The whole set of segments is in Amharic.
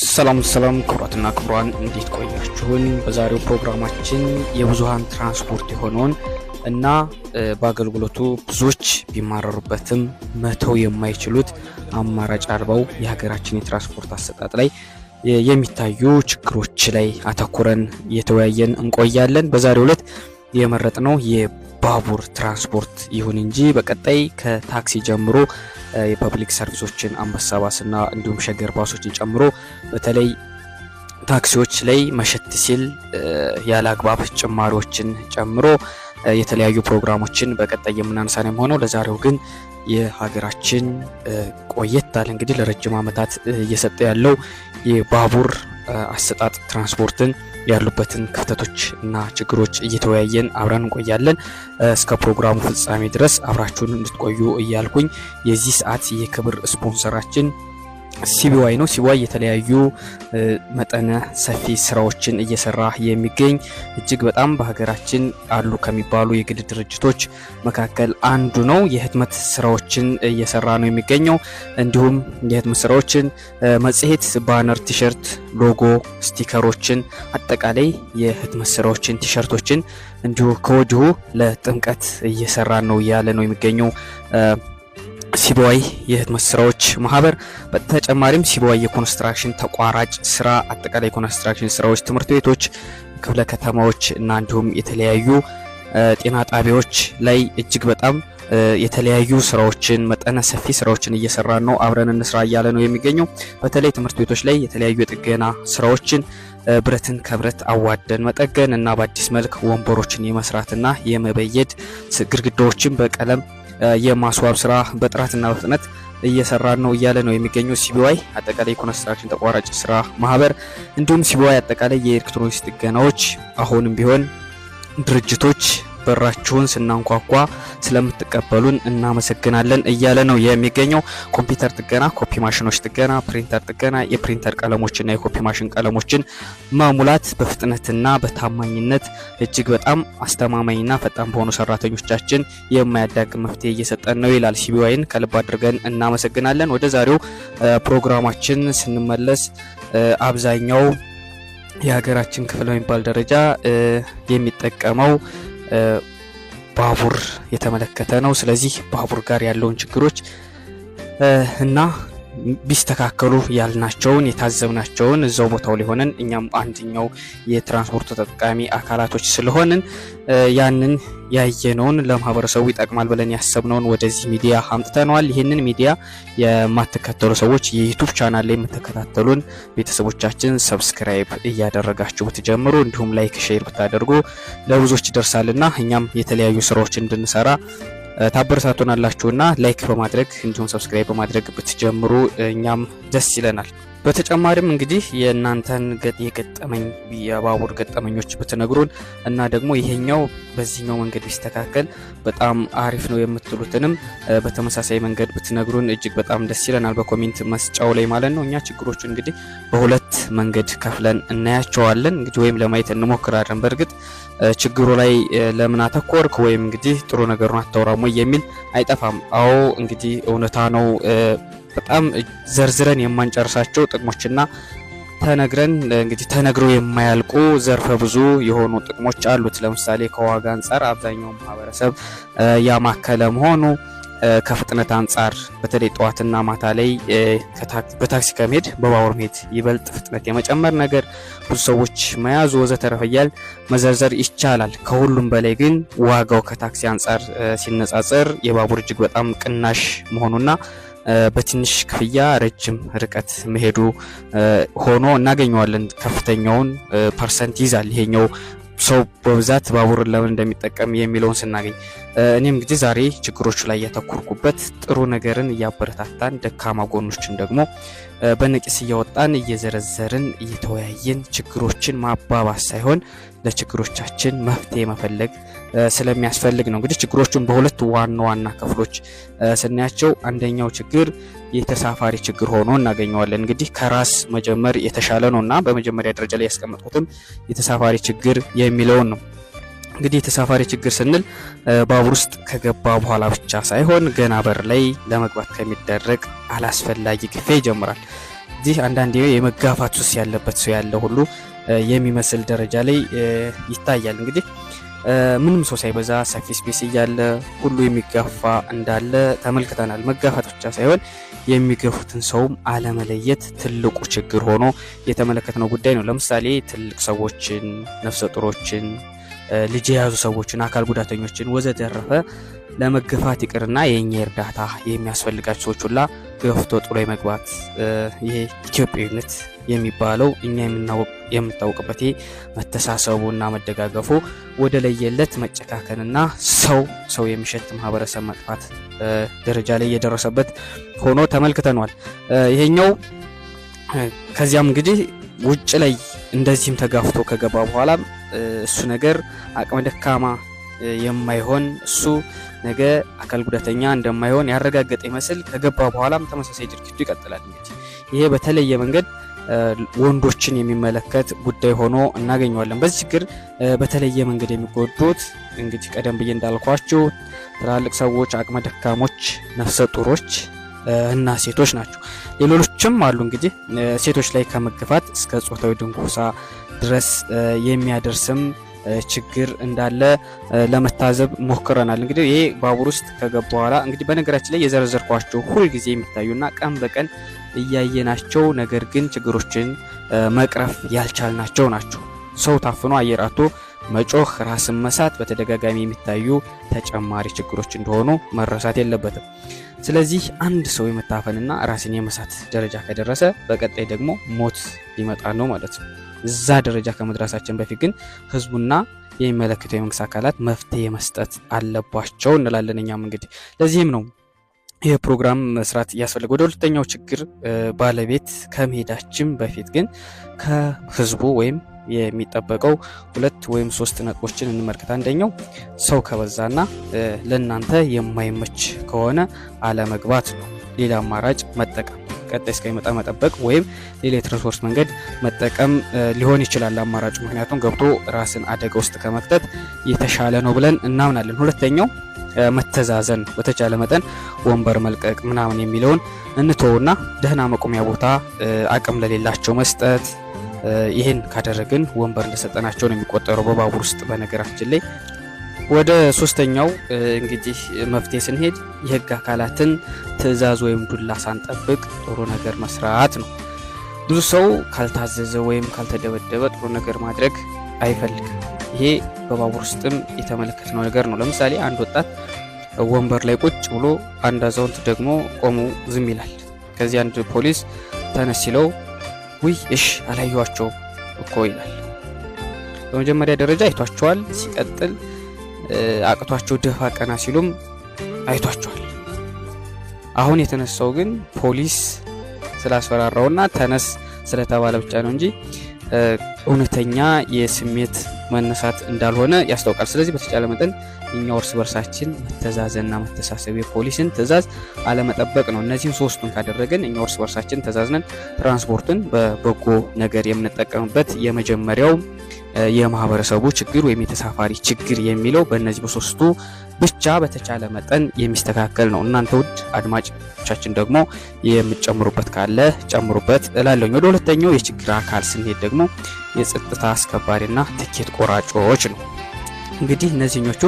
ሰላም ሰላም ክቡራትና ክብሯን እንዴት ቆያችሁን? በዛሬው ፕሮግራማችን የብዙሃን ትራንስፖርት የሆነውን እና በአገልግሎቱ ብዙዎች ቢማረሩበትም መተው የማይችሉት አማራጭ አልባው የሀገራችን የትራንስፖርት አሰጣጥ ላይ የሚታዩ ችግሮች ላይ አተኩረን እየተወያየን እንቆያለን። በዛሬው ዕለት የመረጥነው የባቡር ትራንስፖርት ይሁን እንጂ በቀጣይ ከታክሲ ጀምሮ የፐብሊክ ሰርቪሶችን አንበሳ ባስና እንዲሁም ሸገር ባሶችን ጨምሮ በተለይ ታክሲዎች ላይ መሸት ሲል ያለ አግባብ ጭማሪዎችን ጨምሮ የተለያዩ ፕሮግራሞችን በቀጣይ የምናነሳን የሆነው ለዛሬው ግን የሀገራችን ቆየት አለ እንግዲህ ለረጅም ዓመታት እየሰጠ ያለው የባቡር አሰጣጥ ትራንስፖርትን ያሉበትን ክፍተቶች እና ችግሮች እየተወያየን አብረን እንቆያለን። እስከ ፕሮግራሙ ፍጻሜ ድረስ አብራችሁን እንድትቆዩ እያልኩኝ የዚህ ሰዓት የክብር ስፖንሰራችን ሲቢዋይ ነው። ሲቢዋይ የተለያዩ መጠነ ሰፊ ስራዎችን እየሰራ የሚገኝ እጅግ በጣም በሀገራችን አሉ ከሚባሉ የግል ድርጅቶች መካከል አንዱ ነው። የህትመት ስራዎችን እየሰራ ነው የሚገኘው። እንዲሁም የህትመት ስራዎችን መጽሔት፣ ባነር፣ ቲሸርት፣ ሎጎ፣ ስቲከሮችን፣ አጠቃላይ የህትመት ስራዎችን ቲሸርቶችን እንዲሁ ከወዲሁ ለጥምቀት እየሰራ ነው ያለ ነው የሚገኘው ሲቦይ የህትመት ስራዎች ማህበር በተጨማሪም ሲቦይ የኮንስትራክሽን ተቋራጭ ስራ አጠቃላይ ኮንስትራክሽን ስራዎች ትምህርት ቤቶች፣ ክፍለ ከተማዎች እና እንዲሁም የተለያዩ ጤና ጣቢያዎች ላይ እጅግ በጣም የተለያዩ ስራዎችን መጠነ ሰፊ ስራዎችን እየሰራ ነው። አብረን እንስራ እያለ ነው የሚገኘው። በተለይ ትምህርት ቤቶች ላይ የተለያዩ የጥገና ስራዎችን ብረትን ከብረት አዋደን መጠገን እና በአዲስ መልክ ወንበሮችን የመስራትና የመበየድ ግድግዳዎችን በቀለም የማስዋብ ስራ በጥራትና በፍጥነት እየሰራ ነው እያለ ነው የሚገኘው። ሲቢዋይ አጠቃላይ የኮንስትራክሽን ተቋራጭ ስራ ማህበር እንዲሁም ሲቢዋይ አጠቃላይ የኤሌክትሮኒክስ ጥገናዎች አሁንም ቢሆን ድርጅቶች በራችሁን ስናንኳኳ ስለምትቀበሉን እናመሰግናለን እያለ ነው የሚገኘው። ኮምፒውተር ጥገና፣ ኮፒ ማሽኖች ጥገና፣ ፕሪንተር ጥገና፣ የፕሪንተር ቀለሞችና የኮፒ ማሽን ቀለሞችን መሙላት በፍጥነትና በታማኝነት እጅግ በጣም አስተማማኝና ፈጣን በሆኑ ሰራተኞቻችን የማያዳግ መፍትሄ እየሰጠን ነው ይላል። ሲቢዋይን ከልብ አድርገን እናመሰግናለን። ወደ ዛሬው ፕሮግራማችን ስንመለስ አብዛኛው የሀገራችን ክፍል በሚባል ደረጃ የሚጠቀመው ባቡር የተመለከተ ነው። ስለዚህ ባቡር ጋር ያለውን ችግሮች እና ቢስተካከሉ ያልናቸውን የታዘብናቸውን እዛው ቦታው ሊሆነን እኛም አንድኛው የትራንስፖርት ተጠቃሚ አካላቶች ስለሆንን ያንን ያየነውን ለማህበረሰቡ ይጠቅማል ብለን ያሰብነውን ወደዚህ ሚዲያ አምጥተነዋል። ይህንን ሚዲያ የማትከተሉ ሰዎች የዩቱብ ቻናል ላይ የምትከታተሉን ቤተሰቦቻችን ሰብስክራይብ እያደረጋችሁ ብትጀምሩ እንዲሁም ላይክ ሼር ብታደርጉ ለብዙዎች ይደርሳልና እኛም የተለያዩ ስራዎች እንድንሰራ ታበረታቱናላችሁና ላይክ በማድረግ እንዲሁም ሰብስክራይብ በማድረግ ብትጀምሩ እኛም ደስ ይለናል። በተጨማሪም እንግዲህ የእናንተን የገጠመኝ የባቡር ገጠመኞች ብትነግሩን እና ደግሞ ይሄኛው በዚህኛው መንገድ ቢስተካከል በጣም አሪፍ ነው የምትሉትንም በተመሳሳይ መንገድ ብትነግሩን እጅግ በጣም ደስ ይለናል። በኮሜንት መስጫው ላይ ማለት ነው። እኛ ችግሮቹ እንግዲህ በሁለት በሁለት መንገድ ከፍለን እናያቸዋለን እንግዲህ ወይም ለማየት እንሞክራለን። በእርግጥ ችግሩ ላይ ለምን አተኮርክ ወይም እንግዲህ ጥሩ ነገሩን ወይ የሚል አይጠፋም። አዎ እንግዲህ እውነታ ነው። በጣም ዘርዝረን የማንጨርሳቸው ጥቅሞችና ተነግረን እንግዲህ ተነግረው የማያልቁ ዘርፈ ብዙ የሆኑ ጥቅሞች አሉት። ለምሳሌ ከዋጋ አንጻር አብዛኛው ማህበረሰብ ያማከለ መሆኑ ከፍጥነት አንጻር በተለይ ጠዋትና ማታ ላይ በታክሲ ከመሄድ በባቡር መሄድ ይበልጥ ፍጥነት የመጨመር ነገር ብዙ ሰዎች መያዙ ወዘተረፈ እያል መዘርዘር ይቻላል። ከሁሉም በላይ ግን ዋጋው ከታክሲ አንጻር ሲነጻጸር የባቡር እጅግ በጣም ቅናሽ መሆኑና በትንሽ ክፍያ ረጅም ርቀት መሄዱ ሆኖ እናገኘዋለን። ከፍተኛውን ፐርሰንት ይዛል ይሄኛው ሰው በብዛት ባቡር ለምን እንደሚጠቀም የሚለውን ስናገኝ እኔም እንግዲህ ዛሬ ችግሮቹ ላይ ያተኮርኩበት ጥሩ ነገርን እያበረታታን ደካማ ጎኖችን ደግሞ በነቂስ እያወጣን እየዘረዘርን እየተወያየን ችግሮችን ማባባስ ሳይሆን ለችግሮቻችን መፍትሄ መፈለግ ስለሚያስፈልግ ነው። እንግዲህ ችግሮቹን በሁለት ዋና ዋና ክፍሎች ስናያቸው አንደኛው ችግር የተሳፋሪ ችግር ሆኖ እናገኘዋለን። እንግዲህ ከራስ መጀመር የተሻለ ነው እና በመጀመሪያ ደረጃ ላይ ያስቀመጥኩትም የተሳፋሪ ችግር የሚለውን ነው። እንግዲህ የተሳፋሪ ችግር ስንል ባቡር ውስጥ ከገባ በኋላ ብቻ ሳይሆን ገና በር ላይ ለመግባት ከሚደረግ አላስፈላጊ ግፌ ይጀምራል። እዚህ አንዳንዴ የመጋፋት ሱስ ያለበት ሰው ያለ ሁሉ የሚመስል ደረጃ ላይ ይታያል። እንግዲህ ምንም ሰው ሳይበዛ ሰፊ ስፔስ እያለ ሁሉ የሚጋፋ እንዳለ ተመልክተናል። መጋፋት ብቻ ሳይሆን የሚገፉትን ሰውም አለመለየት ትልቁ ችግር ሆኖ የተመለከትነው ጉዳይ ነው። ለምሳሌ ትልቅ ሰዎችን፣ ነፍሰ ጡሮችን፣ ልጅ የያዙ ሰዎችን፣ አካል ጉዳተኞችን ወዘተረፈ ለመገፋት ይቅርና የእኛ እርዳታ የሚያስፈልጋቸው ሰዎች ሁላ ገፍቶ ጥሎ መግባት ይሄ ኢትዮጵያዊነት የሚባለው እኛ የምታውቅበት መተሳሰቡና መደጋገፉ ወደ ለየለት መጨካከንና ሰው ሰው የሚሸት ማህበረሰብ መጥፋት ደረጃ ላይ እየደረሰበት ሆኖ ተመልክተኗል። ይሄኛው ከዚያም እንግዲህ ውጭ ላይ እንደዚህም ተጋፍቶ ከገባ በኋላ እሱ ነገር አቅመ ደካማ የማይሆን እሱ ነገ አካል ጉዳተኛ እንደማይሆን ያረጋገጠ ይመስል ከገባ በኋላም ተመሳሳይ ድርጊቱ ይቀጥላል። እንግዲህ ይሄ በተለየ መንገድ ወንዶችን የሚመለከት ጉዳይ ሆኖ እናገኘዋለን። በዚህ ችግር በተለየ መንገድ የሚጎዱት እንግዲህ ቀደም ብዬ እንዳልኳችሁ ትላልቅ ሰዎች፣ አቅመ ደካሞች፣ ነፍሰ ጡሮች እና ሴቶች ናቸው። ሌሎችም አሉ እንግዲህ ሴቶች ላይ ከመግፋት እስከ ጾታዊ ድንጉሳ ድረስ የሚያደርስም ችግር እንዳለ ለመታዘብ ሞክረናል። እንግዲህ ይሄ ባቡር ውስጥ ከገባ በኋላ እንግዲህ በነገራችን ላይ የዘረዘርኳቸው ሁልጊዜ የሚታዩና ቀን በቀን እያየናቸው ነገር ግን ችግሮችን መቅረፍ ያልቻልናቸው ናቸው። ሰው ታፍኖ አየር አቶ መጮህ፣ ራስን መሳት በተደጋጋሚ የሚታዩ ተጨማሪ ችግሮች እንደሆኑ መረሳት የለበትም። ስለዚህ አንድ ሰው የመታፈንና ራስን የመሳት ደረጃ ከደረሰ በቀጣይ ደግሞ ሞት ሊመጣ ነው ማለት ነው። እዛ ደረጃ ከመድረሳችን በፊት ግን ህዝቡና የሚመለከተው የመንግስት አካላት መፍትሄ መስጠት አለባቸው እንላለን። እኛም እንግዲህ ለዚህም ነው ይህ ፕሮግራም መስራት እያስፈለገ ወደ ሁለተኛው ችግር ባለቤት ከመሄዳችን በፊት ግን ከህዝቡ ወይም የሚጠበቀው ሁለት ወይም ሶስት ነጥቦችን እንመልከት። አንደኛው ሰው ከበዛና ለእናንተ የማይመች ከሆነ አለመግባት ነው። ሌላ አማራጭ መጠቀም ቀጣይ እስከሚመጣ መጠበቅ ወይም ሌላ የትራንስፖርት መንገድ መጠቀም ሊሆን ይችላል አማራጭ፣ ምክንያቱም ገብቶ ራስን አደጋ ውስጥ ከመክተት የተሻለ ነው ብለን እናምናለን። ሁለተኛው መተዛዘን፣ በተቻለ መጠን ወንበር መልቀቅ ምናምን የሚለውን እንተውና ደህና መቆሚያ ቦታ አቅም ለሌላቸው መስጠት ይህን ካደረግን ወንበር እንደሰጠናቸው ነው የሚቆጠረው በባቡር ውስጥ። በነገራችን ላይ ወደ ሶስተኛው እንግዲህ መፍትሄ ስንሄድ የህግ አካላትን ትዕዛዝ ወይም ዱላ ሳንጠብቅ ጥሩ ነገር መስራት ነው። ብዙ ሰው ካልታዘዘ ወይም ካልተደበደበ ጥሩ ነገር ማድረግ አይፈልግም። ይሄ በባቡር ውስጥም ነው ነገር ነው። ለምሳሌ አንድ ወጣት ወንበር ላይ ቁጭ ብሎ፣ አንድ አዛውንት ደግሞ ቆሙ ዝም ይላል። ከዚህ አንድ ፖሊስ ተነስ ሲለው ውይ እሽ አላየኋቸው እኮ ይላል። በመጀመሪያ ደረጃ አይቷቸዋል። ሲቀጥል አቅቷቸው ደፋ ቀና ሲሉም አይቷቸዋል። አሁን የተነሳው ግን ፖሊስ ስላስፈራራውና ተነስ ስለተባለ ብቻ ነው እንጂ እውነተኛ የስሜት መነሳት እንዳልሆነ ያስታውቃል። ስለዚህ በተቻለ መጠን እኛው እርስ በርሳችን መተዛዘንና መተሳሰብ የፖሊስን ትእዛዝ አለመጠበቅ ነው። እነዚህም ሶስቱን ካደረግን እኛው እርስ በርሳችን ተዛዝነን ትራንስፖርትን በበጎ ነገር የምንጠቀምበት የመጀመሪያው የማህበረሰቡ ችግር ወይም የተሳፋሪ ችግር የሚለው በእነዚህ በሶስቱ ብቻ በተቻለ መጠን የሚስተካከል ነው። እናንተ ውድ አድማጮቻችን ደግሞ የምትጨምሩበት ካለ ጨምሩበት እላለኝ። ወደ ሁለተኛው የችግር አካል ስንሄድ ደግሞ የጸጥታ አስከባሪና ትኬት ቆራጮች ነው። እንግዲህ እነዚህኞቹ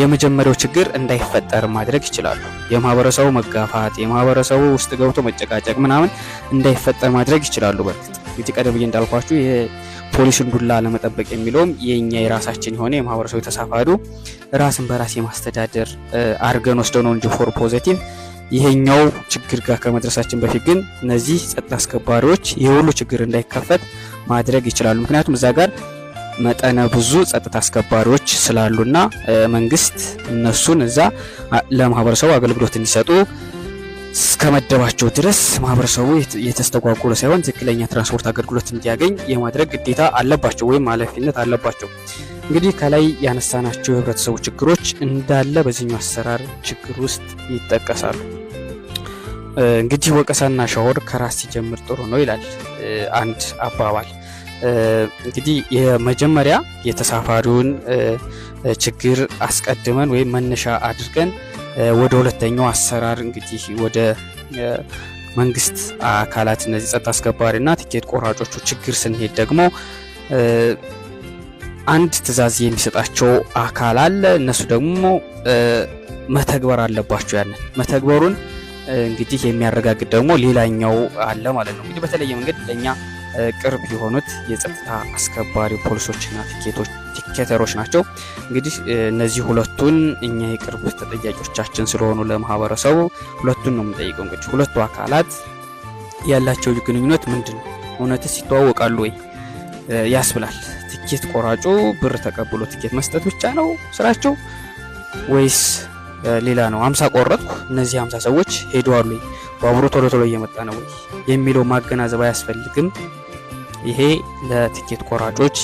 የመጀመሪያው ችግር እንዳይፈጠር ማድረግ ይችላሉ። የማህበረሰቡ መጋፋት፣ የማህበረሰቡ ውስጥ ገብቶ መጨቃጨቅ ምናምን እንዳይፈጠር ማድረግ ይችላሉ። በእርግጥ እንግዲህ ቀደም ብዬ እንዳልኳችሁ ፖሊሱን ዱላ ለመጠበቅ የሚለውም የኛ የራሳችን የሆነ የማህበረሰቡ የተሳፋዱ ራስን በራስ የማስተዳደር አርገን ወስደው ነው እንጂ ፎር ፖዘቲቭ ይሄኛው ችግር ጋር ከመድረሳችን በፊት ግን እነዚህ ጸጥታ አስከባሪዎች የሁሉ ችግር እንዳይከፈት ማድረግ ይችላሉ። ምክንያቱም እዛ ጋር መጠነ ብዙ ጸጥታ አስከባሪዎች ስላሉና መንግስት እነሱን እዛ ለማህበረሰቡ አገልግሎት እንዲሰጡ እስከመደባቸው ድረስ ማህበረሰቡ የተስተጓጎለ ሳይሆን ትክክለኛ ትራንስፖርት አገልግሎት እንዲያገኝ የማድረግ ግዴታ አለባቸው ወይም ኃላፊነት አለባቸው። እንግዲህ ከላይ ያነሳናቸው የህብረተሰቡ ችግሮች እንዳለ በዚህኛው አሰራር ችግር ውስጥ ይጠቀሳሉ። እንግዲህ ወቀሳና ሻወር ከራስ ሲጀምር ጥሩ ነው ይላል አንድ አባባል። እንግዲህ የመጀመሪያ የተሳፋሪውን ችግር አስቀድመን ወይም መነሻ አድርገን ወደ ሁለተኛው አሰራር እንግዲህ ወደ መንግስት አካላት እነዚህ ጸጥታ አስከባሪና ትኬት ቆራጮቹ ችግር ስንሄድ ደግሞ አንድ ትዕዛዝ የሚሰጣቸው አካል አለ። እነሱ ደግሞ መተግበር አለባቸው። ያንን መተግበሩን እንግዲህ የሚያረጋግጥ ደግሞ ሌላኛው አለ ማለት ነው። እንግዲህ በተለየ መንገድ ለእኛ ቅርብ የሆኑት የጸጥታ አስከባሪ ፖሊሶችና ቲኬተሮች ናቸው። እንግዲህ እነዚህ ሁለቱን እኛ የቅርብ ተጠያቂዎቻችን ስለሆኑ ለማህበረሰቡ ሁለቱን ነው የምንጠይቀው። እንግዲህ ሁለቱ አካላት ያላቸው ግንኙነት ምንድን ነው? እውነትስ ይተዋወቃሉ ወይ ያስብላል። ትኬት ቆራጩ ብር ተቀብሎ ትኬት መስጠት ብቻ ነው ስራቸው ወይስ ሌላ ነው? አምሳ ቆረጥኩ እነዚህ አምሳ ሰዎች ሄደዋሉ፣ ባቡሮ ቶሎ ቶሎ እየመጣ ነው ወይ የሚለው ማገናዘብ አያስፈልግም። ይሄ ለትኬት ቆራጮች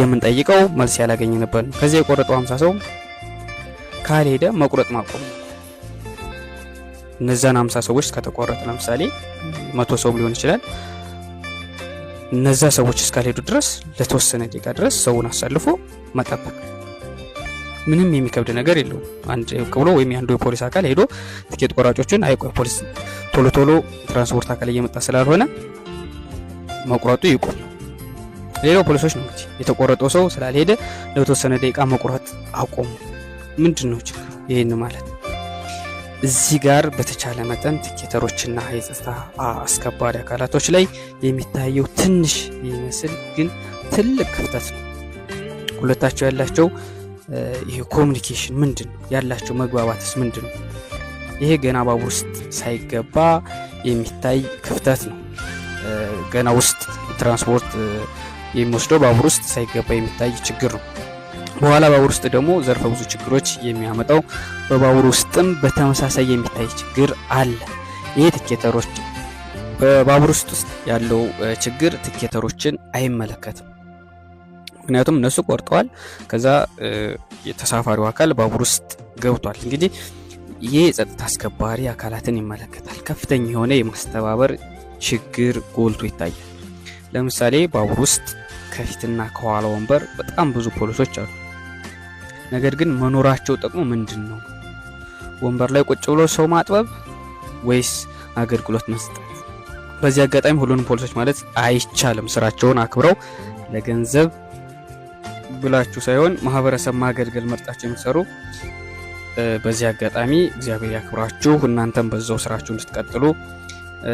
የምንጠይቀው መልስ ያላገኘ ነበር ነው። ከዚያ የቆረጠው 50 ሰው ካልሄደ መቁረጥ ማቆም እነዛን 50 ሰዎች ከተቆረጠ ለምሳሌ መቶ ሰው ሊሆን ይችላል። እነዛ ሰዎች እስካልሄዱ ድረስ ለተወሰነ ደቂቃ ድረስ ሰውን አሳልፎ መጠበቅ ምንም የሚከብድ ነገር የለውም። አንድ ብሎ ወይም የአንዱ የፖሊስ አካል ሄዶ ትኬት ቆራጮችን አይቆ ፖሊስ ቶሎ ቶሎ ትራንስፖርት አካል እየመጣ ስላልሆነ መቁረጡ ይቁም። ሌላው ፖሊሶች ነው እንግዲህ የተቆረጠው ሰው ስላልሄደ ለተወሰነ ደቂቃ መቁረጥ አቆሙ። ምንድን ነው ችግሩ? ይህን ማለት እዚህ ጋር በተቻለ መጠን ትኬተሮችና የጸጥታ አስከባሪ አካላቶች ላይ የሚታየው ትንሽ ይመስል ግን ትልቅ ክፍተት ነው። ሁለታቸው ያላቸው ይሄ ኮሚኒኬሽን ምንድን ነው ያላቸው መግባባትስ ምንድን ነው? ይሄ ገና ባቡር ውስጥ ሳይገባ የሚታይ ክፍተት ነው። ገና ውስጥ ትራንስፖርት የሚወስደው ባቡር ውስጥ ሳይገባ የሚታይ ችግር ነው። በኋላ ባቡር ውስጥ ደግሞ ዘርፈ ብዙ ችግሮች የሚያመጣው በባቡር ውስጥም በተመሳሳይ የሚታይ ችግር አለ። ይሄ ትኬተሮች በባቡር ውስጥ ውስጥ ያለው ችግር ትኬተሮችን አይመለከትም። ምክንያቱም እነሱ ቆርጠዋል። ከዛ የተሳፋሪው አካል ባቡር ውስጥ ገብቷል። እንግዲህ ይህ የጸጥታ አስከባሪ አካላትን ይመለከታል። ከፍተኛ የሆነ የማስተባበር ችግር ጎልቶ ይታያል። ለምሳሌ ባቡር ውስጥ ከፊትና ከኋላ ወንበር በጣም ብዙ ፖሊሶች አሉ። ነገር ግን መኖራቸው ጥቅሙ ምንድን ነው? ወንበር ላይ ቁጭ ብሎ ሰው ማጥበብ ወይስ አገልግሎት መስጠት? በዚህ አጋጣሚ ሁሉንም ፖሊሶች ማለት አይቻልም። ስራቸውን አክብረው ለገንዘብ ብላችሁ ሳይሆን ማህበረሰብ ማገልገል መርጣቸው የሚሰሩ በዚህ አጋጣሚ እግዚአብሔር ያክብራችሁ። እናንተም በዛው ስራችሁ እንድትቀጥሉ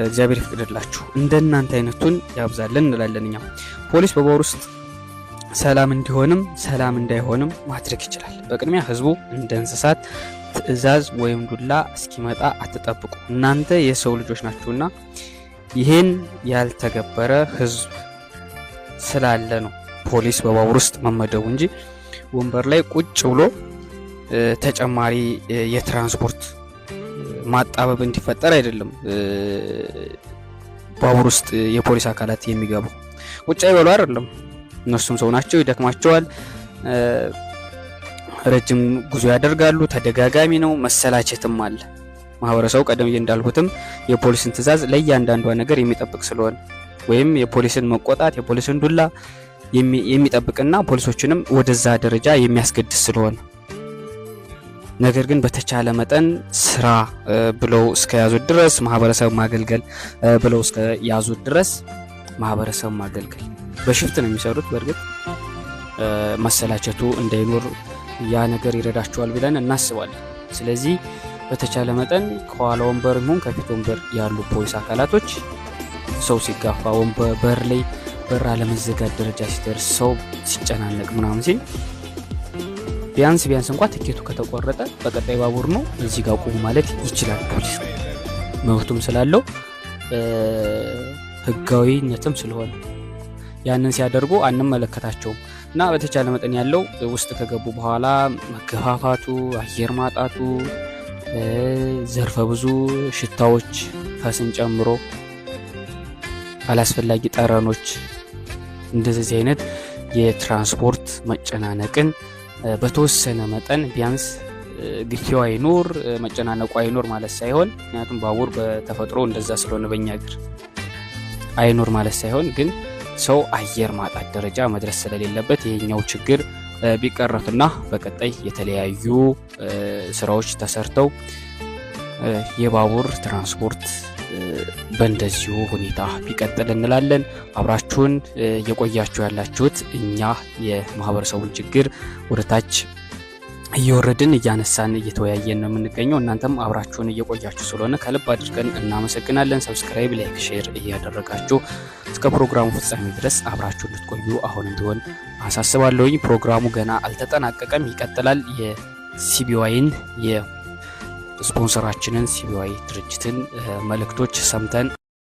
እግዚአብሔር ይፍቅድላችሁ፣ እንደናንተ አይነቱን ያብዛለን እንላለን። እኛ ፖሊስ በባር ውስጥ ሰላም እንዲሆንም ሰላም እንዳይሆንም ማድረግ ይችላል። በቅድሚያ ህዝቡ እንደ እንስሳት ትዕዛዝ ወይም ዱላ እስኪመጣ አትጠብቁ፣ እናንተ የሰው ልጆች ናችሁና። ይህን ያልተገበረ ህዝብ ስላለ ነው ፖሊስ በባቡር ውስጥ መመደቡ እንጂ ወንበር ላይ ቁጭ ብሎ ተጨማሪ የትራንስፖርት ማጣበብ እንዲፈጠር አይደለም ባቡር ውስጥ የፖሊስ አካላት የሚገቡ ውጭ አይበሉ አይደለም። እነሱም ሰው ናቸው፣ ይደክማቸዋል፣ ረጅም ጉዞ ያደርጋሉ፣ ተደጋጋሚ ነው፣ መሰላቸትም አለ። ማህበረሰቡ ቀደም እንዳልኩትም የፖሊስን ትዕዛዝ ለእያንዳንዷ ነገር የሚጠብቅ ስለሆነ ወይም የፖሊስን መቆጣት የፖሊስን ዱላ የሚጠብቅና ፖሊሶችንም ወደዛ ደረጃ የሚያስገድስ ስለሆነ ነገር ግን በተቻለ መጠን ስራ ብለው እስከያዙት ድረስ ማህበረሰብ ማገልገል ብለው እስከያዙት ድረስ ማህበረሰብ ማገልገል በሽፍት ነው የሚሰሩት። በእርግጥ መሰላቸቱ እንዳይኖር ያ ነገር ይረዳቸዋል ብለን እናስባለን። ስለዚህ በተቻለ መጠን ከኋላ ወንበር ሆን ከፊት ወንበር ያሉ ፖሊስ አካላቶች ሰው ሲጋፋ ወንበር በር ላይ በር አለመዘጋት ደረጃ ሲደርስ ሰው ሲጨናነቅ ምናምን ሲል ቢያንስ ቢያንስ እንኳ ትኬቱ ከተቆረጠ በቀጣይ ባቡር ነው እዚህ ጋር ቁሙ ማለት ይችላል። ፖሊስ መብቱም ስላለው ህጋዊነትም ስለሆነ ያንን ሲያደርጉ አንመለከታቸውም እና በተቻለ መጠን ያለው ውስጥ ከገቡ በኋላ መገፋፋቱ፣ አየር ማጣቱ፣ ዘርፈ ብዙ ሽታዎች ፈስን ጨምሮ አላስፈላጊ ጠረኖች እንደዚህ አይነት የትራንስፖርት መጨናነቅን በተወሰነ መጠን ቢያንስ ግፊዋ አይኖር መጨናነቁ አይኖር ማለት ሳይሆን ምክንያቱም ባቡር በተፈጥሮ እንደዛ ስለሆነ በእኛ እግር አይኖር ማለት ሳይሆን ግን ሰው አየር ማጣት ደረጃ መድረስ ስለሌለበት ይሄኛው ችግር ቢቀረፍና በቀጣይ የተለያዩ ስራዎች ተሰርተው የባቡር ትራንስፖርት በእንደዚሁ ሁኔታ ቢቀጥል እንላለን። አብራችሁን እየቆያችሁ ያላችሁት እኛ የማህበረሰቡን ችግር ወደታች እየወረድን እያነሳን እየተወያየን ነው የምንገኘው። እናንተም አብራችሁን እየቆያችሁ ስለሆነ ከልብ አድርገን እናመሰግናለን። ሰብስክራይብ፣ ላይክ፣ ሼር እያደረጋችሁ እስከ ፕሮግራሙ ፍጻሜ ድረስ አብራችሁ እንድትቆዩ አሁን እንዲሆን አሳስባለሁኝ። ፕሮግራሙ ገና አልተጠናቀቀም፣ ይቀጥላል። የሲቢዋይን ስፖንሰራችንን ሲቢዋይ ድርጅትን መልእክቶች ሰምተን